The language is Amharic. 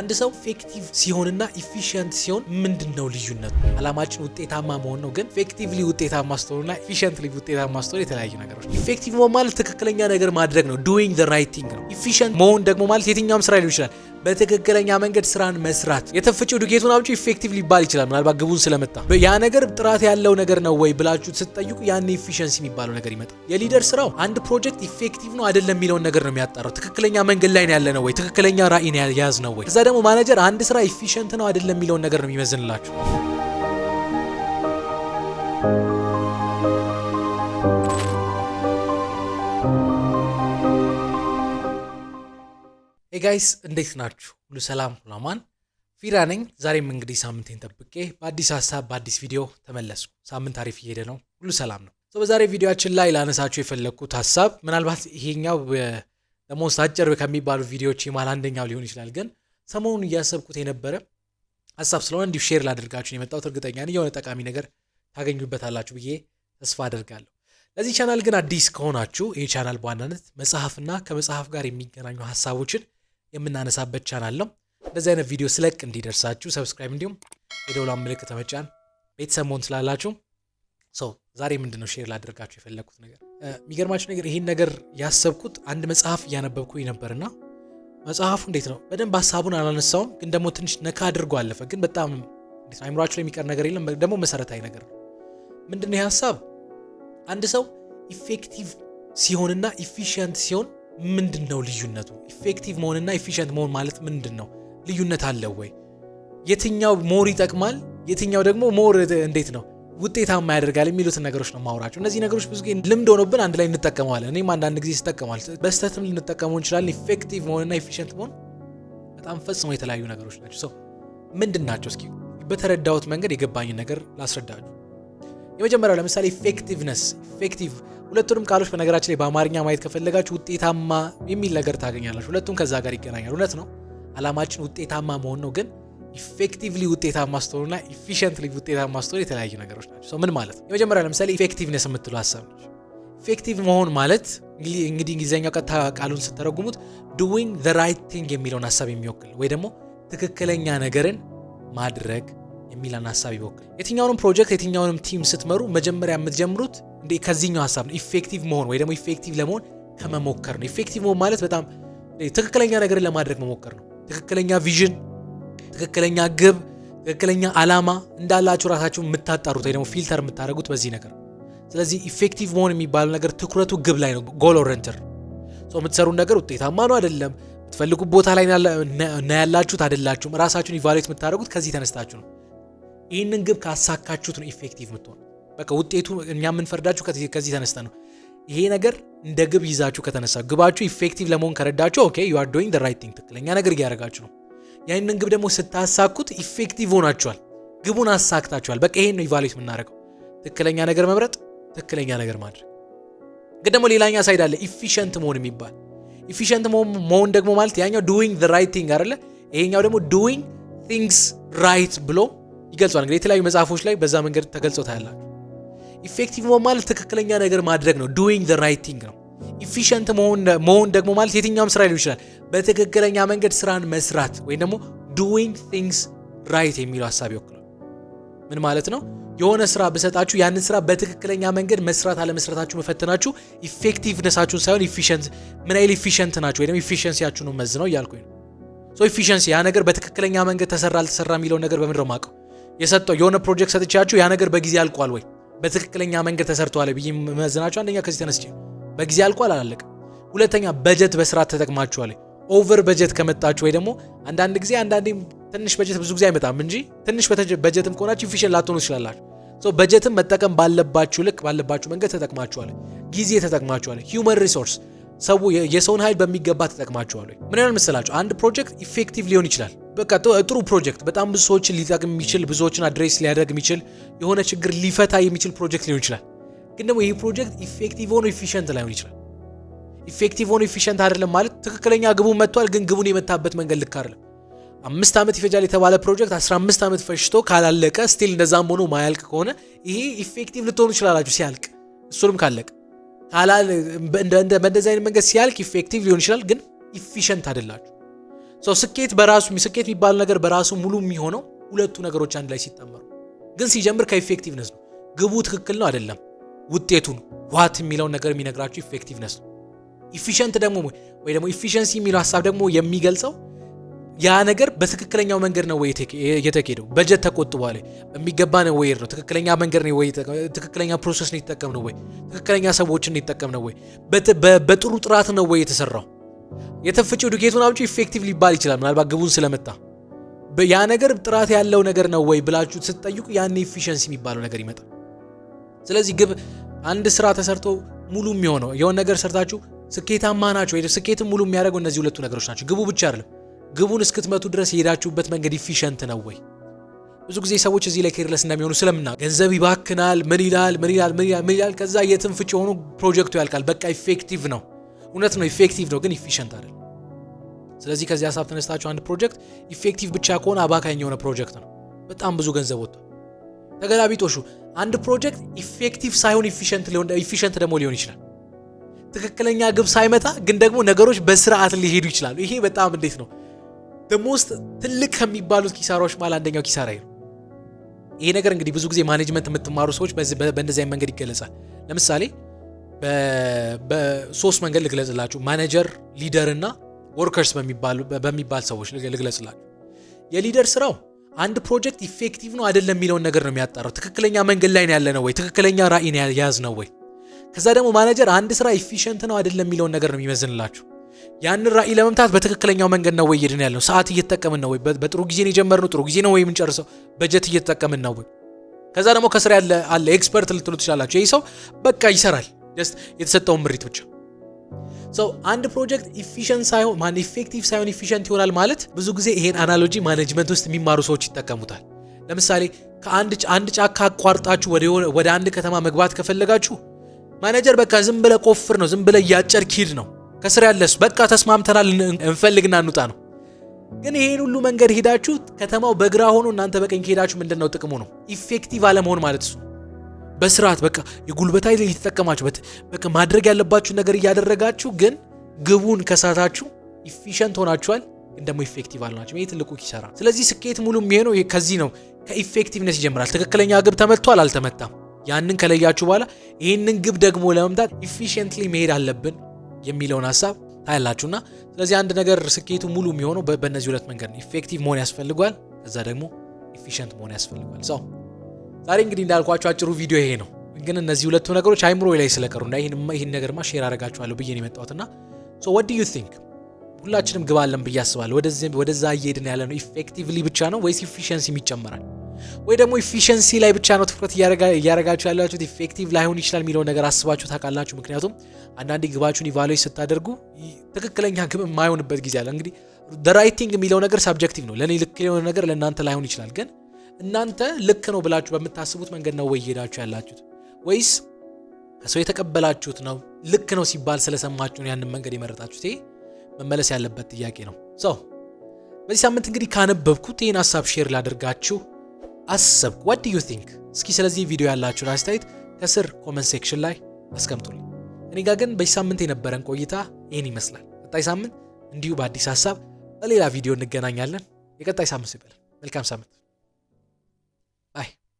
አንድ ሰው ኢፌክቲቭ ሲሆንና ኢፊሽንት ሲሆን ምንድን ነው ልዩነቱ? አላማችን ውጤታማ መሆን ነው። ግን ኢፌክቲቭሊ ውጤታማ ስትሆኑና ኢፊሽንትሊ ውጤታማ ስትሆኑ የተለያዩ ነገሮች። ኢፌክቲቭ መሆን ማለት ትክክለኛ ነገር ማድረግ ነው፣ ዱዊንግ ዘ ራይት ቲንግ ነው። ኢፊሽንት መሆን ደግሞ ማለት የትኛውም ስራ ሊሆን ይችላል በትክክለኛ መንገድ ስራን መስራት የተፈጨው ዱቄቱን አምጪ ኢፌክቲቭ ሊባል ይችላል፣ ምናልባት ግቡን ስለመታ ያ ነገር ጥራት ያለው ነገር ነው ወይ ብላችሁ ስትጠይቁ ያን ኢፊሸንሲ የሚባለው ነገር ይመጣል። የሊደር ስራው አንድ ፕሮጀክት ኢፌክቲቭ ነው አይደለም የሚለውን ነገር ነው የሚያጣራው። ትክክለኛ መንገድ ላይ ያለ ነው ወይ፣ ትክክለኛ ራዕይን የያዝ ነው ወይ። ከዛ ደግሞ ማኔጀር አንድ ስራ ኢፊሸንት ነው አይደለም የሚለውን ነገር ነው የሚመዝንላችሁ። ሄጋይስ እንዴት ናችሁ? ሁሉ ሰላም፣ ሁሉ አማን። ፊራ ነኝ። ዛሬም እንግዲህ ሳምንቴን ጠብቄ በአዲስ ሀሳብ በአዲስ ቪዲዮ ተመለስኩ። ሳምንት አሪፍ እየሄደ ነው፣ ሁሉ ሰላም ነው። በዛሬ ቪዲዮችን ላይ ላነሳችሁ የፈለግኩት ሀሳብ ምናልባት ይሄኛው ለሞስት አጭር ከሚባሉ ቪዲዮዎች የማል አንደኛው ሊሆን ይችላል፣ ግን ሰሞኑን እያሰብኩት የነበረ ሀሳብ ስለሆነ እንዲሁ ሼር ላደርጋችሁ የመጣሁት እርግጠኛ ነኝ የሆነ ጠቃሚ ነገር ታገኙበታላችሁ ብዬ ተስፋ አደርጋለሁ። ለዚህ ቻናል ግን አዲስ ከሆናችሁ ይህ ቻናል በዋናነት መጽሐፍና ከመጽሐፍ ጋር የሚገናኙ ሀሳቦችን የምናነሳበት ቻናል ነው። እንደዚህ አይነት ቪዲዮ ስለቅ እንዲደርሳችሁ ሰብስክራይብ፣ እንዲሁም የደውሏን ምልክት ተመጫን ቤተሰብ መሆን ስላላችሁ ሰው ዛሬ ምንድን ነው ሼር ላደርጋችሁ የፈለግኩት ነገር የሚገርማችሁ ነገር ይህን ነገር ያሰብኩት አንድ መጽሐፍ እያነበብኩኝ ነበርና መጽሐፉ እንዴት ነው በደንብ ሀሳቡን አላነሳውም፣ ግን ደግሞ ትንሽ ነካ አድርጎ አለፈ። ግን በጣም አይምሯችሁ ላይ የሚቀር ነገር የለም፣ ደግሞ መሰረታዊ ነገር ነው። ምንድን ነው ይህ ሀሳብ? አንድ ሰው ኢፌክቲቭ ሲሆንና ኢፊሽንት ሲሆን ምንድን ነው ልዩነቱ? ኢፌክቲቭ መሆንና ኢፊሸንት መሆን ማለት ምንድን ነው? ልዩነት አለው ወይ? የትኛው ሞር ይጠቅማል? የትኛው ደግሞ ሞር እንዴት ነው ውጤታማ ያደርጋል የሚሉትን ነገሮች ነው ማውራቸው። እነዚህ ነገሮች ብዙ ጊዜ ልምድ ሆኖብን አንድ ላይ እንጠቀመዋለን። እኔም አንዳንድ ጊዜ ይጠቀማል። በስተትም ልንጠቀመው እንችላለን። ኢፌክቲቭ መሆንና ኤፊሽንት መሆን በጣም ፈጽሞ የተለያዩ ነገሮች ናቸው። ሰው ምንድን ናቸው? እስኪ በተረዳሁት መንገድ የገባኝን ነገር ላስረዳችሁ። የመጀመሪያው ለምሳሌ ኢፌክቲቭነስ ኢፌክቲቭ ሁለቱንም ቃሎች በነገራችን ላይ በአማርኛ ማየት ከፈለጋችሁ ውጤታማ የሚል ነገር ታገኛላችሁ። ሁለቱም ከዛ ጋር ይገናኛል። እውነት ነው፣ አላማችን ውጤታማ መሆን ነው። ግን ኢፌክቲቭሊ ውጤታማ ስትሆኑና ኢፊሽንትሊ ውጤታማ ስትሆኑ የተለያዩ ነገሮች ናቸው። ምን ማለት ነው? የመጀመሪያ ለምሳሌ ኢፌክቲቭነስ የምትለው ሀሳብ ነች። ኢፌክቲቭ መሆን ማለት እንግዲህ እንግሊዝኛው ቀጥታ ቃሉን ስተረጉሙት ዱዊንግ ዘ ራይት ቲንግ የሚለውን ሀሳብ የሚወክል ወይ ደግሞ ትክክለኛ ነገርን ማድረግ የሚላን ሀሳብ ይወክል። የትኛውንም ፕሮጀክት የትኛውንም ቲም ስትመሩ መጀመሪያ የምትጀምሩት እንደ ከዚህኛው ሀሳብ ነው። ኢፌክቲቭ መሆን ወይ ደግሞ ኢፌክቲቭ ለመሆን ከመሞከር ነው። ኢፌክቲቭ መሆን ማለት በጣም ትክክለኛ ነገርን ለማድረግ መሞከር ነው። ትክክለኛ ቪዥን፣ ትክክለኛ ግብ፣ ትክክለኛ አላማ እንዳላችሁ ራሳችሁ የምታጣሩት ወይ ደግሞ ፊልተር የምታደርጉት በዚህ ነገር። ስለዚህ ኢፌክቲቭ መሆን የሚባለው ነገር ትኩረቱ ግብ ላይ ነው። ጎል ኦሬንተር የምትሰሩን ነገር ውጤታማ ነው አይደለም፣ የምትፈልጉት ቦታ ላይ ነው ያላችሁት አይደላችሁም፣ ራሳችሁን ኢቫሉዌት የምታደርጉት ከዚህ ተነስታችሁ ነው። ይህንን ግብ ካሳካችሁት ነው ኢፌክቲቭ የምትሆኑ። በቃ ውጤቱ እኛ የምንፈርዳችሁ ከዚህ ተነስተ ነው። ይሄ ነገር እንደ ግብ ይዛችሁ ከተነሳ ግባችሁ ኢፌክቲቭ ለመሆን ከረዳችሁ፣ ኦኬ ዩ አር ዶይንግ ደ ራይት ቲንግ፣ ትክክለኛ ነገር እያደረጋችሁ ነው። ያንን ግብ ደግሞ ስታሳኩት ኢፌክቲቭ ሆናችኋል፣ ግቡን አሳክታችኋል። በቃ ይሄን ነው ኢቫሉዌት የምናደርገው፣ ትክክለኛ ነገር መምረጥ፣ ትክክለኛ ነገር ማድረግ። ግን ደግሞ ሌላኛ ሳይድ አለ ኢፊሽንት መሆን የሚባል ኢፊሽንት መሆን ደግሞ ማለት ያኛው ዱዊንግ ራይት ቲንግ አይደለ? ይሄኛው ደግሞ ዱዊንግ ቲንግስ ራይት ብሎ ይገልጿል። እንግዲህ የተለያዩ መጽሐፎች ላይ በዛ መንገድ ተገልጾ ታያላችሁ። ኢፌክቲቭ መሆን ማለት ትክክለኛ ነገር ማድረግ ነው፣ ዱዊንግ ዘ ራይት ቲንግ ነው። ኢፊሽንት መሆን ደግሞ ማለት የትኛውም ስራ ሊሆን ይችላል፣ በትክክለኛ መንገድ ስራን መስራት ወይም ደግሞ ዱዊንግ ቲንግስ ራይት የሚለው ሀሳብ ይወክላል። ምን ማለት ነው? የሆነ ስራ ብሰጣችሁ ያንን ስራ በትክክለኛ መንገድ መስራት አለመስራታችሁ መፈተናችሁ ኢፌክቲቭነሳችሁን ሳይሆን ኢፊሽንት ምን ያህል ኢፊሽንት ናችሁ ወይም ኢፊሽንሲያችሁን መዝነው እያልኩኝ ነው። ሶ ኢፊሽንሲ ያ ነገር በትክክለኛ መንገድ ተሰራ አልተሰራ የሚለውን ነገር በምድረው ማቀው የሰጠው የሆነ ፕሮጀክት ሰጥቻችሁ ያ ነገር በጊዜ አልቋል ወይ በትክክለኛ መንገድ ተሰርተዋል ብዬ መዘናቸው አንደኛ ከዚህ ተነስቼ በጊዜ አልቋል አላለቀ። ሁለተኛ በጀት በስርዓት ተጠቅማችኋል። ኦቨር በጀት ከመጣችሁ ወይ ደግሞ አንዳንድ ጊዜ አንዳንዴ ትንሽ በጀት ብዙ ጊዜ አይመጣም እንጂ ትንሽ በጀትም ከሆናችሁ ኢፊሽን ላትሆኑ ትችላላችሁ። በጀትም መጠቀም ባለባችሁ ልክ ባለባችሁ መንገድ ተጠቅማችኋል። ጊዜ ተጠቅማችኋል። ሂውመን ሪሶርስ ሰው የሰውን ኃይል በሚገባ ተጠቅማቸዋል። ምን ያህል መሰላችሁ? አንድ ፕሮጀክት ኢፌክቲቭ ሊሆን ይችላል። በቃ ጥሩ ፕሮጀክት፣ በጣም ብዙ ሰዎችን ሊጠቅም የሚችል ብዙዎችን አድሬስ ሊያደርግ የሚችል የሆነ ችግር ሊፈታ የሚችል ፕሮጀክት ሊሆን ይችላል። ግን ደግሞ ይህ ፕሮጀክት ኢፌክቲቭ ሆኖ ኢፊሽንት ላይሆን ይችላል። ኢፌክቲቭ ሆኖ ኢፊሽንት አይደለም ማለት ትክክለኛ ግቡን መጥቷል፣ ግን ግቡን የመታበት መንገድ ልክ አይደለም። አምስት ዓመት ይፈጃል የተባለ ፕሮጀክት 15 ዓመት ፈሽቶ ካላለቀ ስቲል እንደዛም ሆኖ ማያልቅ ከሆነ ይሄ ኢፌክቲቭ ልትሆኑ ይችላላችሁ ሲያልቅ እሱንም ካለቀ በእንደዚህ አይነት መንገድ ሲያልክ ኢፌክቲቭ ሊሆን ይችላል፣ ግን ኢፊሸንት አይደላችሁ። ሰው ስኬት በራሱ ስኬት የሚባለው ነገር በራሱ ሙሉ የሚሆነው ሁለቱ ነገሮች አንድ ላይ ሲጠመሩ፣ ግን ሲጀምር ከኢፌክቲቭነስ ነው። ግቡ ትክክል ነው አደለም ውጤቱን ዋት የሚለውን ነገር የሚነግራችሁ ኢፌክቲቭነስ ነው። ኢፊሽንት ደግሞ ወይ ደግሞ ኢፊሽንሲ የሚለው ሀሳብ ደግሞ የሚገልጸው ያ ነገር በትክክለኛው መንገድ ነው ወይ የተካሄደው? በጀት ተቆጥቧል በሚገባ ነው ወይ ነው? ትክክለኛ መንገድ ነው ወይ? ትክክለኛ ፕሮሰስ ነው የተጠቀም ነው ወይ? ትክክለኛ ሰዎችን የተጠቀም ነው ወይ? በጥሩ ጥራት ነው ወይ የተሰራው? የተፈጨው ዱቄቱን አብጪ ኢፌክቲቭ ሊባል ይችላል ምናልባት ግቡን ስለመታ ያ ነገር ጥራት ያለው ነገር ነው ወይ ብላችሁ ስትጠይቁ ያን ኢፊሽንሲ የሚባለው ነገር ይመጣል። ስለዚህ ግብ አንድ ስራ ተሰርቶ ሙሉ የሚሆነው የሆነ ነገር ሰርታችሁ ስኬታማ ናችሁ ወይ ስኬትም ሙሉ የሚያደርገው እነዚህ ሁለቱ ነገሮች ናቸው። ግቡ ብቻ አይደለም ግቡን እስክትመቱ ድረስ የሄዳችሁበት መንገድ ኢፊሸንት ነው ወይ? ብዙ ጊዜ ሰዎች እዚህ ላይ ኬርለስ እንደሚሆኑ ስለምና ገንዘብ ይባክናል፣ ምን ይላል፣ ምን ይላል፣ ምን ይላል፣ ምን ይላል። ከዛ የትም ፍጭ የሆኑ ፕሮጀክቱ ያልቃል። በቃ ኢፌክቲቭ ነው። እውነት ነው፣ ኢፌክቲቭ ነው፣ ግን ኢፊሸንት አይደለም። ስለዚህ ከዚህ ሀሳብ ተነስታችሁ አንድ ፕሮጀክት ኢፌክቲቭ ብቻ ከሆነ አባካኝ የሆነ ፕሮጀክት ነው። በጣም ብዙ ገንዘብ ወጥቷል። ተገላቢጦሹ አንድ ፕሮጀክት ኢፌክቲቭ ሳይሆን ኢፊሸንት ደግሞ ሊሆን ይችላል። ትክክለኛ ግብ ሳይመታ ግን ደግሞ ነገሮች በስርዓት ሊሄዱ ይችላሉ። ይሄ በጣም እንዴት ነው ሞስት ትልቅ ከሚባሉት ኪሳራዎች ማለት አንደኛው ኪሳራ ነው። ይሄ ነገር እንግዲህ ብዙ ጊዜ ማኔጅመንት የምትማሩ ሰዎች በእንደዚህ መንገድ ይገለጻል። ለምሳሌ በሶስት መንገድ ልግለጽላችሁ። ማኔጀር፣ ሊደር እና ወርከርስ በሚባል ሰዎች ልግለጽላችሁ። የሊደር ስራው አንድ ፕሮጀክት ኢፌክቲቭ ነው አይደለም የሚለውን ነገር ነው የሚያጣራው። ትክክለኛ መንገድ ላይ ያለ ነው ወይ? ትክክለኛ ነው የያዝ ነው ወይ? ከዛ ደግሞ ማኔጀር አንድ ስራ ኢፊሽንት ነው አይደለም የሚለውን ነገር ነው የሚመዝንላችሁ። ያንን ራእይ ለመምታት በትክክለኛው መንገድ ነው ወይ እየሄድን ያለው? ሰዓት እየተጠቀምን ነው ወይ? በጥሩ ጊዜ ነው የጀመርነው? ጥሩ ጊዜ ነው ወይ የምንጨርሰው? በጀት እየተጠቀምን ነው ወይ? ከዛ ደግሞ ከስራ ያለ አለ ኤክስፐርት ልትሉ ትችላላችሁ። ይህ ሰው በቃ ይሰራል፣ ጀስት የተሰጠውን ምሪት ብቻ ሰው አንድ ፕሮጀክት ኢፊሽንት ሳይሆን ማን ኢፌክቲቭ ሳይሆን ኢፊሽንት ይሆናል ማለት ብዙ ጊዜ ይሄን አናሎጂ ማኔጅመንት ውስጥ የሚማሩ ሰዎች ይጠቀሙታል። ለምሳሌ ከአንድ አንድ ጫካ አቋርጣችሁ ወደ አንድ ከተማ መግባት ከፈለጋችሁ ማኔጀር በቃ ዝም ብለ ቆፍር ነው፣ ዝም ብለ እያጨር ኪድ ነው ከስር ያለሱ በቃ ተስማምተናል እንፈልግና እንውጣ ነው። ግን ይሄን ሁሉ መንገድ ሄዳችሁ ከተማው በግራ ሆኖ እናንተ በቀኝ ከሄዳችሁ ምንድን ነው ጥቅሙ? ነው ኢፌክቲቭ አለመሆን ማለት እሱ። በስርዓት በቃ የጉልበት ኃይል እየተጠቀማችሁበት በቃ ማድረግ ያለባችሁ ነገር እያደረጋችሁ ግን ግቡን ከሳታችሁ ኢፊሸንት ሆናችኋል፣ ግን ደግሞ ኢፌክቲቭ አልሆናችሁም። ይሄ ትልቁ ኪሳራ። ስለዚህ ስኬት ሙሉ የሚሆነው ከዚህ ነው፣ ከኢፌክቲቭነስ ይጀምራል። ትክክለኛ ግብ ተመቷል አልተመታም፣ ያንን ከለያችሁ በኋላ ይህንን ግብ ደግሞ ለመምታት ኢፊሽንትሊ መሄድ አለብን የሚለውን ሀሳብ ታያላችሁና ስለዚህ አንድ ነገር ስኬቱ ሙሉ የሚሆነው በእነዚህ ሁለት መንገድ ነው። ኢፌክቲቭ መሆን ያስፈልጓል፣ ከዛ ደግሞ ኢፊሽንት መሆን ያስፈልጓል። ሰው ዛሬ እንግዲህ እንዳልኳቸው አጭሩ ቪዲዮ ይሄ ነው። ግን እነዚህ ሁለቱ ነገሮች አይምሮ ላይ ስለቀሩ እና ይህን ነገርማ ሼር አደርጋችኋለሁ ብዬ ነው የመጣሁትና ዩ ቲንክ ሁላችንም ግባለን ብዬ አስባለሁ። ወደዛ እየሄድን ያለ ነው ኢፌክቲቭሊ ብቻ ነው ወይስ ኢፊሽንሲም ይጨመራል? ወይ ደግሞ ኢፊሽንሲ ላይ ብቻ ነው ትኩረት እያደረጋችሁ ያላችሁት ኢፌክቲቭ ላይሆን ይችላል የሚለውን ነገር አስባችሁ ታውቃላችሁ። ምክንያቱም አንዳንዴ ግባችሁን ኢቫሉዌት ስታደርጉ ትክክለኛ ግብ የማይሆንበት ጊዜ አለ። እንግዲህ ራይቲንግ የሚለው ነገር ሳብጀክቲቭ ነው። ለእኔ ልክ የሆነ ነገር ለእናንተ ላይሆን ይችላል። ግን እናንተ ልክ ነው ብላችሁ በምታስቡት መንገድ ነው ወይ ያላችሁት ወይስ ከሰው የተቀበላችሁት ነው ልክ ነው ሲባል ስለሰማችሁን ያንን መንገድ የመረጣችሁት? መመለስ ያለበት ጥያቄ ነው። ሰው በዚህ ሳምንት እንግዲህ ካነበብኩት ይህን ሀሳብ ሼር ላደርጋችሁ አሰብኩ። ዋት ዩ ቲንክ? እስኪ ስለዚህ ቪዲዮ ያላችሁን አስተያየት ከስር ኮመንት ሴክሽን ላይ አስቀምጡልኝ። እኔ ጋር ግን በዚህ ሳምንት የነበረን ቆይታ ይህን ይመስላል። ቀጣይ ሳምንት እንዲሁ በአዲስ ሀሳብ በሌላ ቪዲዮ እንገናኛለን። የቀጣይ ሳምንት ይበለን። መልካም ሳምንት